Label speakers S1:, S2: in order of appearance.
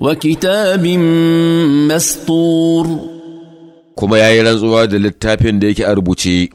S1: وكتاب مسطور كما يا يلان ديك أربوتي